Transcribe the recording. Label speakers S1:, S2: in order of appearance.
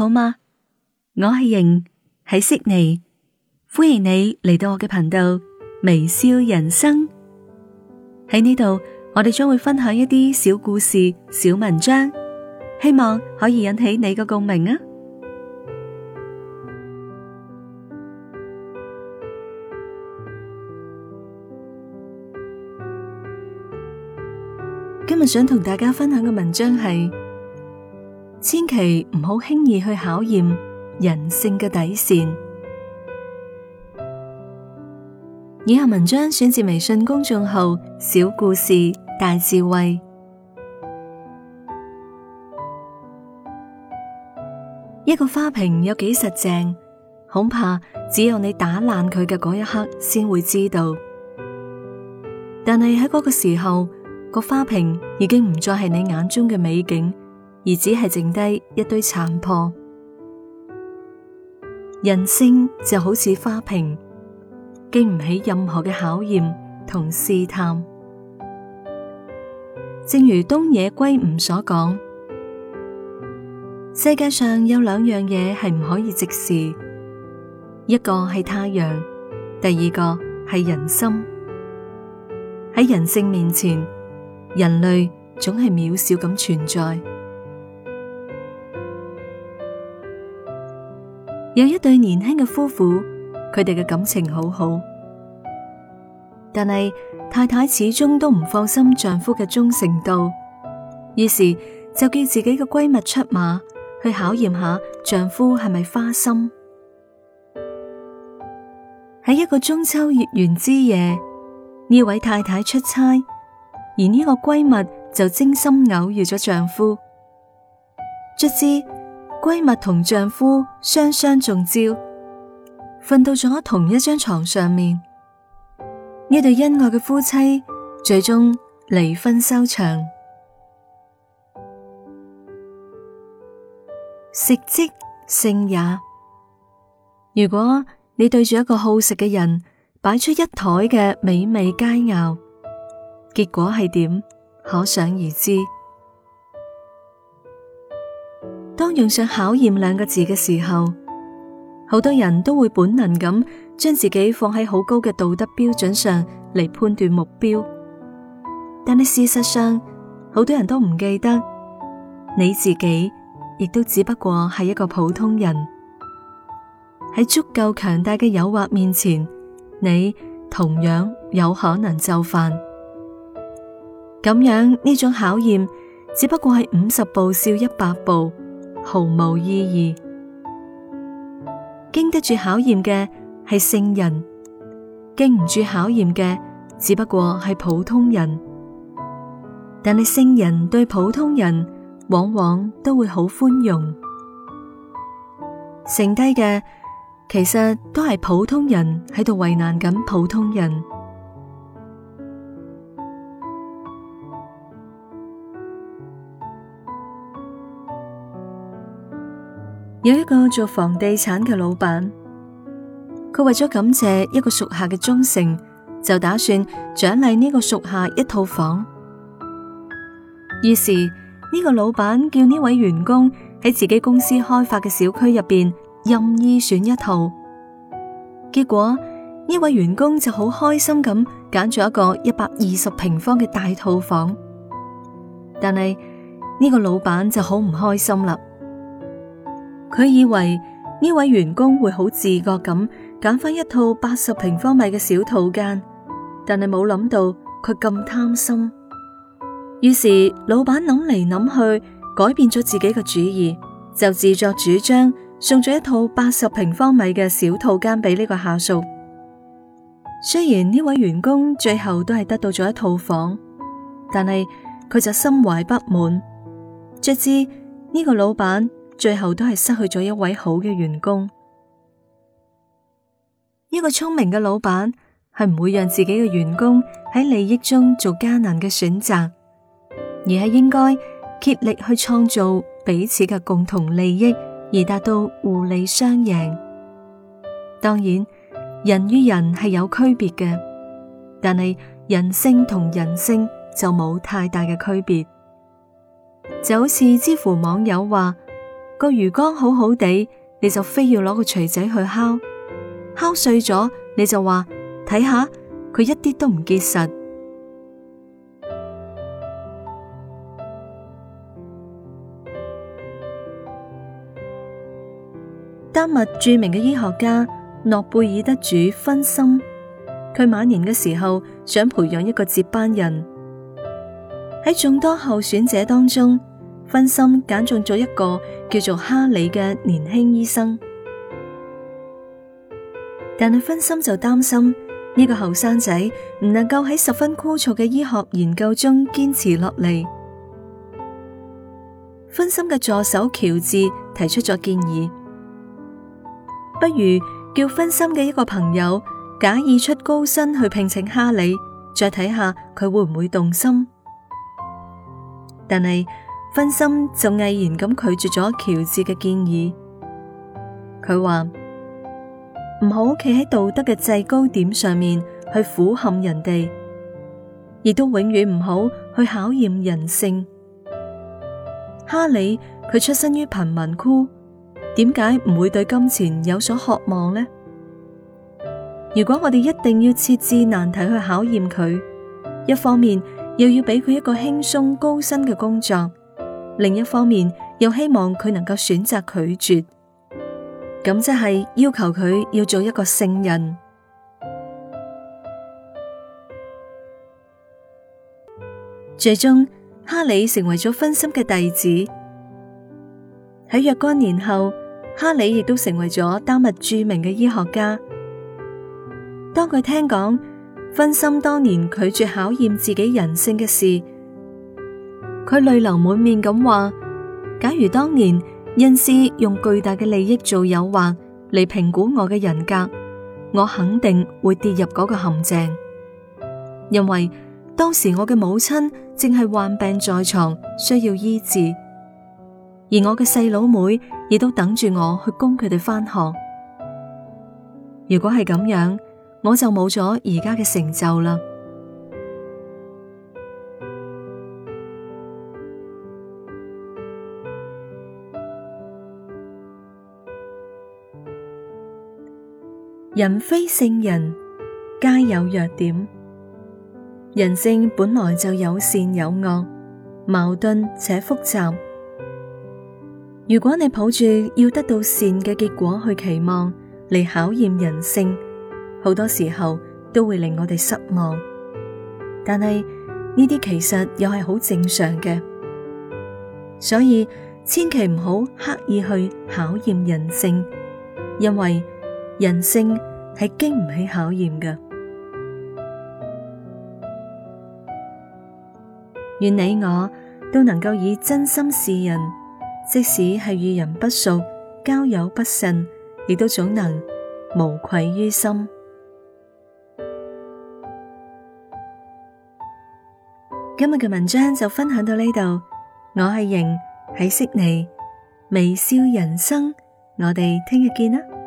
S1: 好嗎？我係瑩，喺悉尼，歡迎你嚟到我嘅頻道微笑人生。喺呢度，我哋將會分享一啲小故事、小文章，希望可以引起你嘅共鳴啊！今日想同大家分享嘅文章係：千祈唔好輕易去考驗人性嘅底線。以下文章選自微信公眾號《小故事大智慧》。一個花瓶有幾實淨，恐怕只有你打爛佢嘅嗰一刻先會知道。但係喺嗰個時候，個花瓶已經唔再係你眼中嘅美景。而只係剩低一堆殘破，人性就好似花瓶，經唔起任何嘅考驗同試探。正如東野圭吾所講，世界上有兩樣嘢係唔可以直視，一個係太陽，第二個係人心。喺人性面前，人類總係渺小咁存在。有一對年輕嘅夫婦，佢哋嘅感情好好，但係太太始終都唔放心丈夫嘅忠誠度，於是就叫自己嘅閨蜜出馬去考驗下丈夫係咪花心。喺一個中秋月圓之夜，呢位太太出差，而呢個閨蜜就精心偶遇咗丈夫，卒之。閨蜜同丈夫雙雙中招，瞓到咗同一張床上面。呢對恩愛嘅夫妻最終離婚收場。食色性也，如果你對住一個好食嘅人擺出一枱嘅美味佳肴，結果係點？可想而知。當用上考驗兩個字嘅時候，好多人都會本能咁將自己放喺好高嘅道德標準上嚟，判斷目標。但係事實上，好多人都唔記得，你自己亦都只不過係一個普通人。喺足夠強大嘅誘惑面前，你同樣有可能就範。咁樣，呢種考驗只不過係五十步笑一百步，毫無意義。經得住考驗嘅係聖人，經唔住考驗嘅只不過係普通人。但係聖人對普通人，往往都會好寬容。剩低嘅其實都係普通人喺度為難緊普通人。有一個做房地產嘅老闆，佢為咗感謝一個屬下嘅忠誠，就打算獎勵呢個屬下一套房。於是呢個老闆叫呢位員工喺自己公司開發嘅小區入邊任意選一套。結果呢位員工就好開心咁揀咗一個一百二十平方嘅大套房，但係呢個老闆就好唔開心啦。佢以為呢位員工會好自覺咁揀翻一套八十平方米嘅小套間，但係冇諗到佢咁貪心。於是老闆諗嚟諗去，改變咗自己嘅主意，就自作主張送咗一套八十平方米嘅小套間俾呢個下屬。雖然呢位員工最後都係得到咗一套房，但係佢就心懷不滿，足知呢個老闆。最後都係失去咗一位好嘅員工。一個聰明嘅老闆係唔會讓自己嘅員工喺利益中做艱難嘅選擇，而係應該竭力去創造彼此嘅共同利益，而達到互利雙贏。當然，人與人係有區別嘅，但係人性同人性就冇太大嘅區別。就好似知乎網友話。個魚缸好好地，你就非要攞個錘仔去敲，敲碎咗，你就話睇下佢一啲都唔結實。丹麥著名嘅醫學家諾貝爾得主芬森，佢晚年嘅時候想培養一個接班人，喺眾多候選者當中。芬森揀中咗一個叫做哈利嘅年輕醫生，但係芬森就擔心呢個後生仔唔能夠喺十分枯燥嘅醫學研究中堅持落嚟。芬森嘅助手喬治提出咗建議，不如叫芬森嘅一個朋友假意出高薪去聘請哈利，再睇下佢會唔會動心。但係。分心就毅然咁拒絕咗喬治嘅建議。佢話，唔好企喺道德嘅制高點上面去俯瞰人哋，亦都永遠唔好去考驗人性。哈里，佢出身於貧民窟，點解唔會對金錢有所渴望呢？如果我哋一定要設置難題去考驗佢，一方面又要俾佢一個輕鬆高薪嘅工作。另一方面，又希望佢能夠選擇拒絕，咁即係要求佢要做一個聖人。 最終，哈利成為咗分心嘅弟子。喺若干年後，哈利亦都成為咗丹麥著名嘅醫學家。當佢聽講分心當年拒絕考驗自己人性嘅事，佢淚流滿面咁話：假如當年恩師用巨大嘅利益做誘惑嚟評估我嘅人格，我肯定會跌入嗰個陷阱。因為當時我嘅母親正係患病在床，需要醫治，而我嘅細佬妹亦都等住我去供佢哋返學。如果係咁樣，我就冇咗而家嘅成就啦。人非聖人，皆有弱點。人性本來就有善有惡，矛盾且複雜。如果你抱住要得到善嘅結果去期望，嚟考驗人性，好多時候都會令我哋失望。但係呢啲其實又係好正常嘅，所以千祈唔好刻意去考驗人性，因為人性。係經唔起考驗㗎。願你我都能夠以真心示人，即使係遇人不淑，交友不慎，亦都總能無愧於心。今日嘅文章就分享到呢度，我係瑩，喺悉尼微笑人生，我哋聽日見啦。